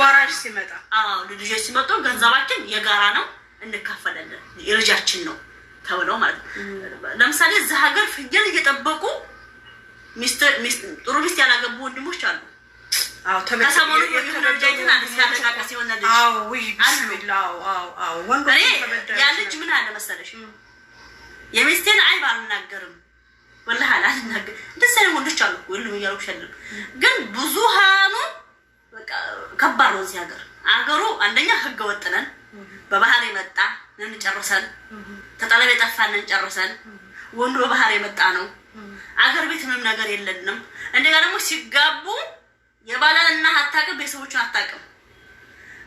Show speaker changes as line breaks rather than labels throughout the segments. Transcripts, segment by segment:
ወራጅ ሲመጣ
ልጆች ሲመጡ ገንዘባችን የጋራ ነው እንካፈላለን፣ የልጃችን ነው ተብለው ማለት ነው። ለምሳሌ እዚህ ሀገር ፍየል እየጠበቁ ጥሩ ሚስት ያላገቡ ወንድሞች አሉ። ያ ልጅ ምን አለ መሰለሽ፣ የሚስቴን አይብ አልናገርም ወላሂ አልናገርም። እንደዚ ወንዶች አሉ። ግን ብዙሃኑን ከባድ ነው። እዚህ ሀገር አገሩ አንደኛ ህገ ወጥ ነን፣ በባህር የመጣ እንጨርሰን፣ ተጠለብ የጠፋን እንጨርሰን፣ ወንዱ በባህር የመጣ ነው። አገር ቤት ምንም ነገር የለንም። እንደገና ደግሞ ሲጋቡ የባለና አታውቅም፣ ቤተሰቦቹን አታውቅም።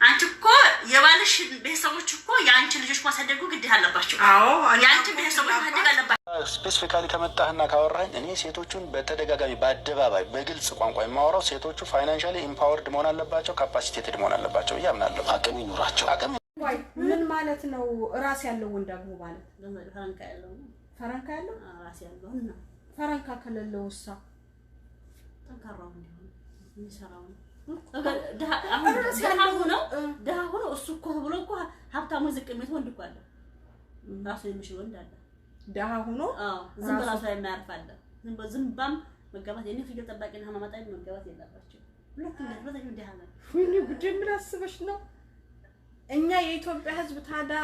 አንቺ እኮ የባለሽ ቤተሰቦች እኮ የአንቺ ልጆች ማሳደጉ ግዴታ አለባቸው። የአንቺ ቤተሰቦች ማደግ አለባቸው።
ስፔሲፊካሊ ከመጣህና ካወራኝ እኔ ሴቶቹን በተደጋጋሚ በአደባባይ በግልጽ ቋንቋ የማወራው ሴቶቹ ፋይናንሻሊ ኢምፓወርድ መሆን አለባቸው፣ ካፓሲቴትድ መሆን አለባቸው ብዬ አምናለሁ። አቅም ይኑራቸው። አቅም
ምን ማለት ነው? ራስ ያለው ወንድ ደግሞ ማለት ፈረንካ ያለው ፈረንካ ያለው ራስ ያለው ከሌለው ውሳ
ጠንካራ ሚሰራው ነው ሆነው ድሀ ሆነው እሱ እኮ ብሎ እኮ ሀብታሙ ዝቅ የሚል ወንድ እኮ አለ። ራሱ የሚችል ወንድ አለ። ድሀ ሆኖ ዝም በራሱ ላይ የማያርፍ አለ። ዝም ባም መጋባት የኔ ፍየል ጠባቂና ማማጣ መጋባት የለባቸው።
ሁለቱም ድሀ ምን አስበሽ ነው? እኛ የኢትዮጵያ ሕዝብ ታዲያ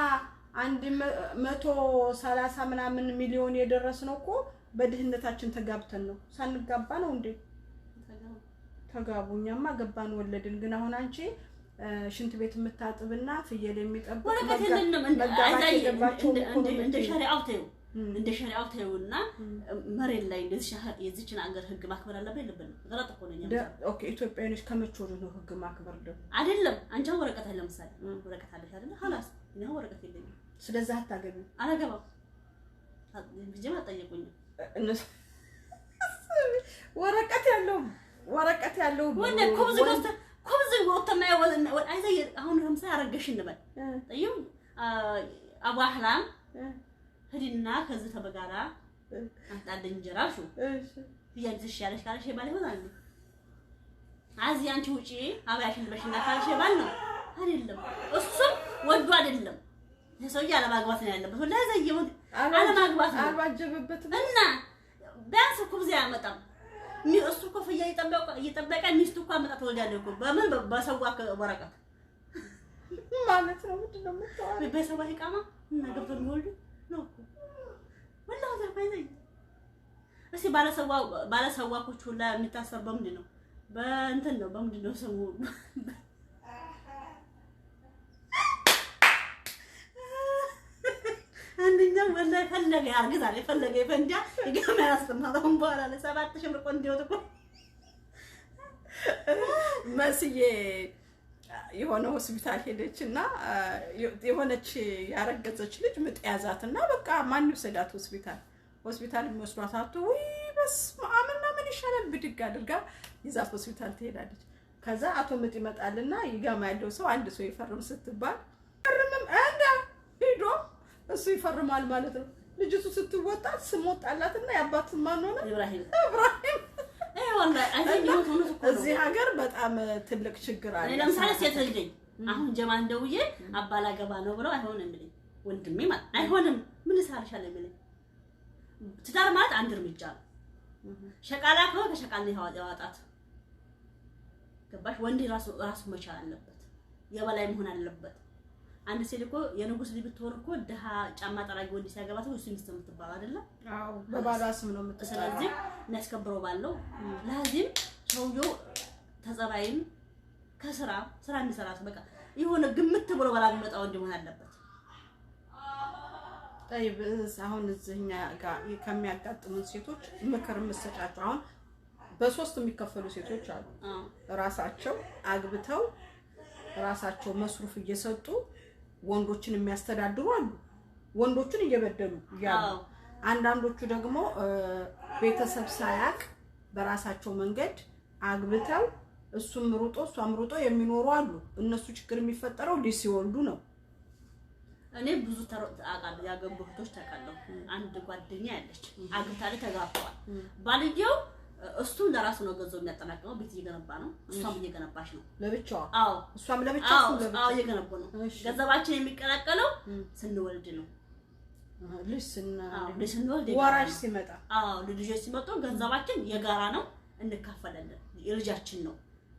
አንድ መቶ ሰላሳ ምናምን ሚሊዮን የደረስነው እኮ በድህነታችን ተጋብተን ነው። ሳንጋባ ነው እንዴ? ተጋቡ። እኛማ ገባን ወለድን። ግን አሁን አንቺ ሽንት ቤት የምታጥብና ፍየል የሚጠብቅ
እንደ ሸሪዓው ተይው፣ እንደ ሸሪዓው ተይውና መሬት ላይ የዚችን አገር ህግ ማክበር አለበት የለብንም? ገለጥ እኮ ነኝ።
ኦኬ ኢትዮጵያኖች ከመቼ ወዲህ ነው ህግ ማክበር ደ
አይደለም አንቺ አሁን ወረቀት አለ ምሳሌ ወረቀት አለ አይደለ? ሀላስ እኔ ወረቀት የለኝም።
ስለዚህ አታገቢም?
አላገባም። ልጅም አጠየቁኝም
ወረቀት ያለው ወረቀት ያለው
ወንድ ኮብዝ ጎስተ ኮብዝ ወጥቶ ማይወዘን አይዘ አሁን ሀምሳ አረገሽ እንበል ጠይም አባህላ ሂድና ከዚህ ተበጋራ አጣል እንጀራ ሹ ያጅሽ ያለሽ ካለሽ ባል ይሆናል አዚ አንቺ ውጪ አባያሽን ልበሽና ካለሽ ባል ነው አይደለም። እሱም ወዱ አይደለም ሰውዬ አለማግባት ነው ያለበት። ወላ ዘየው አለማግባት ነው
አልባጀበበትም
እና ቢያንስ ኩብዜ አያመጣም እሱ እኮ ፍያ እየጠበቀ ሚስቱ እኮ አመጣ ትወልዳለህ እኮ በምን በሰው ወረቀት
ማለት ነው። ምንድን ነው የምታወራው?
በሰው ቃማ እና ገብቶ የሚወልዱ ነው እኮ ወላሂ ዘርፍ አይዘኝም። እስኪ ባለሰዋኮች ሁላ የሚታሰር በምንድን ነው? በእንትን ነው። በምንድን ነው ስሙ እንደው ወላሂ ፈለገ ያርግዝ አለ ፈለገ ይፈንዳ ይገማ ያስተማው አሁን በኋላ ለሰባት ሺህ ብር ቆንጆ እኮ
መስዬ የሆነ ሆስፒታል ሄደች እና የሆነች ያረገዘች ልጅ ምጥ ያዛት እና በቃ ማን ይውሰዳት ሆስፒታል ሆስፒታል የሚወስዷት አቶ ውይ በስመ አብ እና ምን ይሻላል ብድግ አድርጋ ይዛት ሆስፒታል ትሄዳለች። ከዛ አቶ ምጥ ይመጣልና ይገማ ያለው ሰው አንድ ሰው ይፈርም ስትባል እሱ ይፈርማል ማለት ነው። ልጅቱ ስትወጣ ስም ወጣላትና የአባት ማን ሆነ? ኢብራሂም እዚህ ሀገር በጣም ትልቅ ችግር አለ።
ለምሳሌ ሴት ልጅ አሁን ጀማል ደውዬ አባላገባ ነው ብለው አይሆንም ብለኝ ወንድሜ ማለት አይሆንም ምን እሰራልሻለሁ ብለኝ። ትዳር ማለት አንድ እርምጃ ነው። ሸቃላ ከሆነ ከሸቃላ ያዋጣት ገባሽ። ወንድ ራሱ መቻል አለበት፣ የበላይ መሆን አለበት። አንድ ሴት እኮ የንጉስ ልጅ ብትሆን እኮ ድሃ ጫማ ጠራጊ ወንድ ሲያገባት እሱ ሚስት ነው የምትባለው አይደለ?
አዎ፣ በባሏ ስም ነው የምትሰራ።
ስለዚህ የሚያስከብረው ባለው ለዚህም ሰውየው ተጸባይም ከስራ ስራ የሚሰራ ሰው በቃ የሆነ ግምት ብሎ ባላ የሚመጣው እንዲሆን አለበት።
ጠይብ አሁን እዚህኛ ጋር ከሚያጋጥሙን ሴቶች ምክር የምትሰጫቸው አሁን በሶስት የሚከፈሉ ሴቶች አሉ። ራሳቸው አግብተው ራሳቸው መስሩፍ እየሰጡ ወንዶችን የሚያስተዳድሩ አሉ፣ ወንዶችን እየበደሉ ያሉ። አንዳንዶቹ ደግሞ ቤተሰብ ሳያቅ በራሳቸው መንገድ አግብተው እሱም ሩጦ እሷም ሩጦ የሚኖሩ አሉ። እነሱ ችግር የሚፈጠረው ልጅ ሲወልዱ ነው።
እኔ ብዙ ያገቡ እህቶች ታውቃለህ። አንድ ጓደኛ ያለች አግብታ ላይ ተጋብተዋል ባልየው እሱም ለራሱ ነው ገንዘብ የሚያጠናቅመው። ቤት እየገነባ ነው፣ እሷም እየገነባች ነው ለብቻዋ። አዎ
እሷም ለብቻ አዎ
ነው። ገንዘባችን የሚቀላቀለው ስንወልድ ነው። ልጅ ስንወልድ
ወራሽ ሲመጣ፣
አዎ ልጆች ሲመጡ ገንዘባችን የጋራ ነው፣ እንካፈላለን። የልጃችን ነው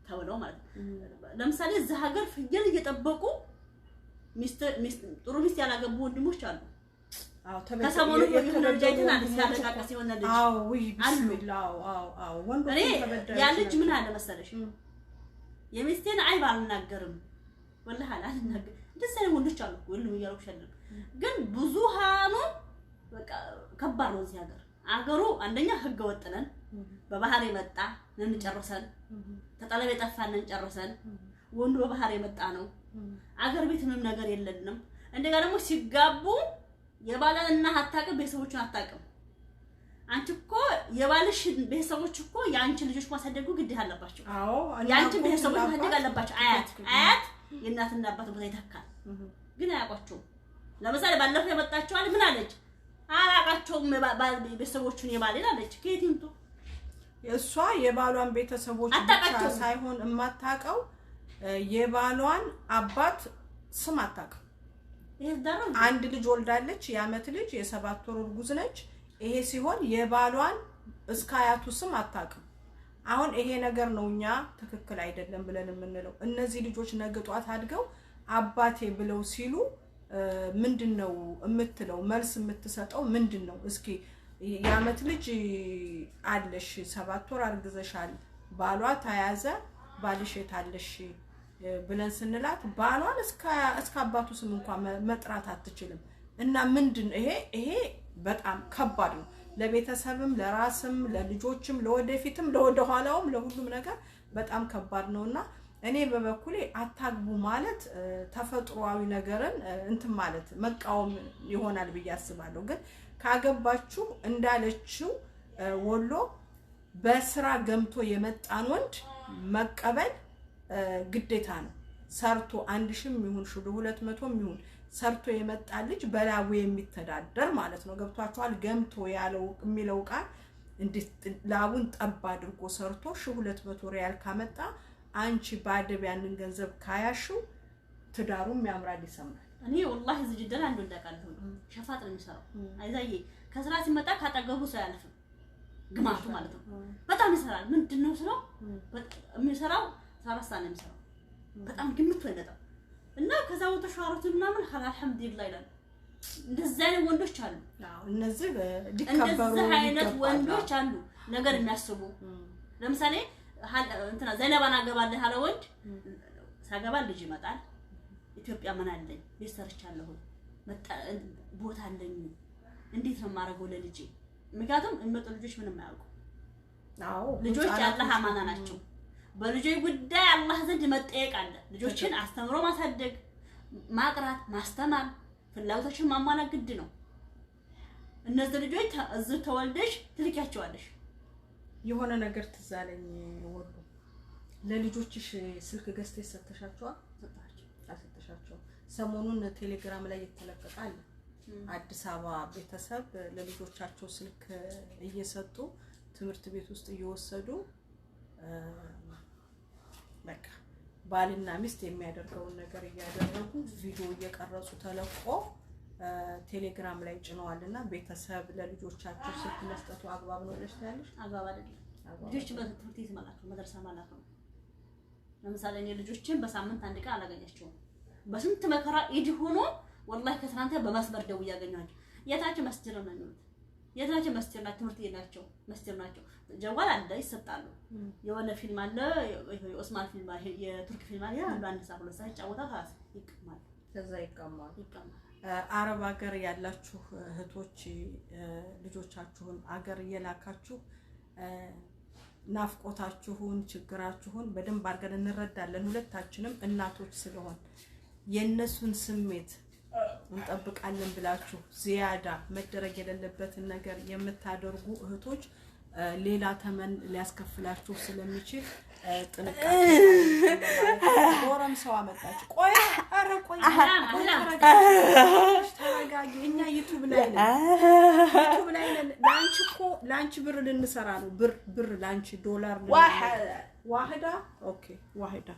ተብለው ማለት ነው። ለምሳሌ እዚህ ሀገር ፍየል እየጠበቁ ጥሩ ሚስት ያላገቡ ወንድሞች አሉ። ከሰሞኑ ያ ልጅ ምን አለ መሰለሽ፣ የሚስቴን አይብ አልናገርም፣ ወላሂ አልናገርም። እንደዚያ ዓይነት ወንዶች አሉ እያልኩሽ አይደለም፣ ግን ብዙሃኑ በቃ ከባድ ነው። እዚህ ሀገር አገሩ አንደኛ ህገ ወጥ ነን፣ በባህር የመጣ ነን ጨርሰን፣ ተጠለብ የጠፋን ነን ጨርሰን። ወንዱ በባህር የመጣ ነው። አገር ቤት ምንም ነገር የለንም። እንደገና ደግሞ ሲጋቡ የባሏን እናት አታውቅም፣ ቤተሰቦቹን አታውቅም። አንቺ እኮ የባልሽ ቤተሰቦች እኮ የአንቺ ልጆች ማሳደጉ ግድ አለባቸው። አዎ የአንቺ ቤተሰቦች ማሳደግ አለባቸው። አያት አያት የእናትና አባት ቦታ ይተካል፣ ግን አያውቋቸውም። ለምሳሌ ባለፈው የመጣችዋል ምን አለች? አላውቃቸውም ቤተሰቦቹን የባሌን አለች። ከየት ይምጡ?
እሷ የባሏን ቤተሰቦች ብቻ ሳይሆን የማታውቀው የባሏን አባት ስም አታውቅም። አንድ ልጅ ወልዳለች። የአመት ልጅ የሰባት ወር እርጉዝ ነች። ይሄ ሲሆን የባሏን እስከ አያቱ ስም አታውቅም። አሁን ይሄ ነገር ነው እኛ ትክክል አይደለም ብለን የምንለው። እነዚህ ልጆች ነገ ጧት አድገው አባቴ ብለው ሲሉ ምንድን ነው የምትለው? መልስ የምትሰጠው ምንድን ነው? እስኪ የአመት ልጅ አለሽ፣ ሰባት ወር አርግዘሻል፣ ባሏ ተያዘ፣ ባልሽ የታለሽ ብለን ስንላት ባሏን እስከ አባቱ ስም እንኳን መጥራት አትችልም። እና ምንድን ይሄ ይሄ በጣም ከባድ ነው ለቤተሰብም፣ ለራስም፣ ለልጆችም፣ ለወደፊትም፣ ለወደኋላውም ለሁሉም ነገር በጣም ከባድ ነው እና እኔ በበኩሌ አታግቡ ማለት ተፈጥሯዊ ነገርን እንትን ማለት መቃወም ይሆናል ብዬ አስባለሁ። ግን ካገባችሁ እንዳለችው ወሎ በስራ ገምቶ የመጣን ወንድ መቀበል ግዴታ ነው። ሰርቶ አንድ ሺም ይሁን ሺ ሁለት መቶ ይሁን ሰርቶ የመጣ ልጅ በላቡ የሚተዳደር ማለት ነው። ገብቷችኋል? ገምቶ ያለው የሚለው ቃል ላቡን ጠብ አድርጎ ሰርቶ ሺ ሁለት መቶ ሪያል ካመጣ አንቺ በአደብ ያንን ገንዘብ ካያሽው ትዳሩም ያምራል፣ ይሰምራል።
እኔ ወላሂ እዚህ ጅዳ አንድ ወንድ አውቃለሁ፣ ሸፋጥ ነው የሚሰራው። አይዛዬ ከስራ ሲመጣ ካጠገቡ ሰው ያለፍም ግማቱ ማለት ነው። በጣም ይሰራል። ምንድን ነው ስለው የሚሰራው ሰባት ነው የሚሰራው። በጣም ግምት በለጠው እና ከዛ ወጥቶ ሻወራት ምናምን አልሐምዱሊላህ ይላል። እንደዚህ አይነት ወንዶች አሉ። እነዚህ እንደዚህ አይነት ወንዶች አሉ ነገር የሚያስቡ ለምሳሌ እንትና ዘነባን አገባለህ ያለ ወንድ ሳገባ ልጅ ይመጣል። ኢትዮጵያ ምን አለኝ ቤት ሰርቻለሁ፣ ቦታ አለኝ፣ እንዴት ነው የማደርገው ለልጄ? ምክንያቱም የሚመጡ ልጆች ምንም አያውቁ። ልጆች ያለ ናቸው። በልጆች ጉዳይ አላህ ዘንድ መጠየቅ አለ። ልጆችን አስተምሮ ማሳደግ፣ ማቅራት፣ ማስተማር፣ ፍላጎታቸውን ማሟላት ግድ ነው። እነዚህ ልጆች እዚህ ተወልደሽ ትልቂያቸዋለሽ።
የሆነ ነገር ትዝ አለኝ። ወሉ ለልጆችሽ ስልክ ገዝተሽ ሰተሻቸዋል? ሰሞኑን ቴሌግራም ላይ የተለቀቀ አለ። አዲስ አበባ ቤተሰብ ለልጆቻቸው ስልክ እየሰጡ ትምህርት ቤት ውስጥ እየወሰዱ በቃ ባልና ሚስት የሚያደርገውን ነገር እያደረጉ ቪዲዮ እየቀረጹ ተለቆ ቴሌግራም ላይ ጭነዋል። እና ቤተሰብ ለልጆቻቸው ስልክ መስጠቱ አግባብ ነው ብለሽ ታያለሽ?
አግባብ አይደለም። ልጆች በትምህርት ቤት ማለት ነው፣ መድረሳ ማለት ነው። ለምሳሌ እኔ ልጆችን በሳምንት አንድ ቀን አላገኛቸውም። በስንት መከራ ኢድ ሆኖ ወላሂ ከትናንተ በመስበር ደውዬ ያገኘኋቸው የታች መስጅድ ነው የሚሉት የት ናቸው? መስጅድ ናቸው። ትምህርት ቤት ናቸው። መስጅድ ናቸው። ጀዋል አለ ይሰጣሉ። የሆነ ፊልም አለ፣ የኦስማን ፊልም አለ፣ የቱርክ ፊልም አለ። አንዱ አንድ ሰዓት ሁለት ሰዓት ይጫወታል። ራስ ይቀማል፣
ከዛ ይቀማል፣
ይቀማል።
አረብ ሀገር ያላችሁ እህቶች ልጆቻችሁን አገር እየላካችሁ ናፍቆታችሁን፣ ችግራችሁን በደንብ አድርገን እንረዳለን። ሁለታችንም እናቶች ስለሆን የእነሱን ስሜት እንጠብቃለን ብላችሁ ዚያዳ መደረግ የሌለበትን ነገር የምታደርጉ እህቶች ሌላ ተመን ሊያስከፍላችሁ ስለሚችል ጥንቃቄ። ሰው አመጣች። ቆይ ኧረ ቆይ ተረጋጊ። እኛ ዩቱብ ላይ ነን፣ ዩቱብ ላይ ነን። ለአንቺ እኮ ለአንቺ ብር ልንሰራ ነው። ብር ብር ለአንቺ ዶላር ዋህዳ ኦኬ ዋህዳ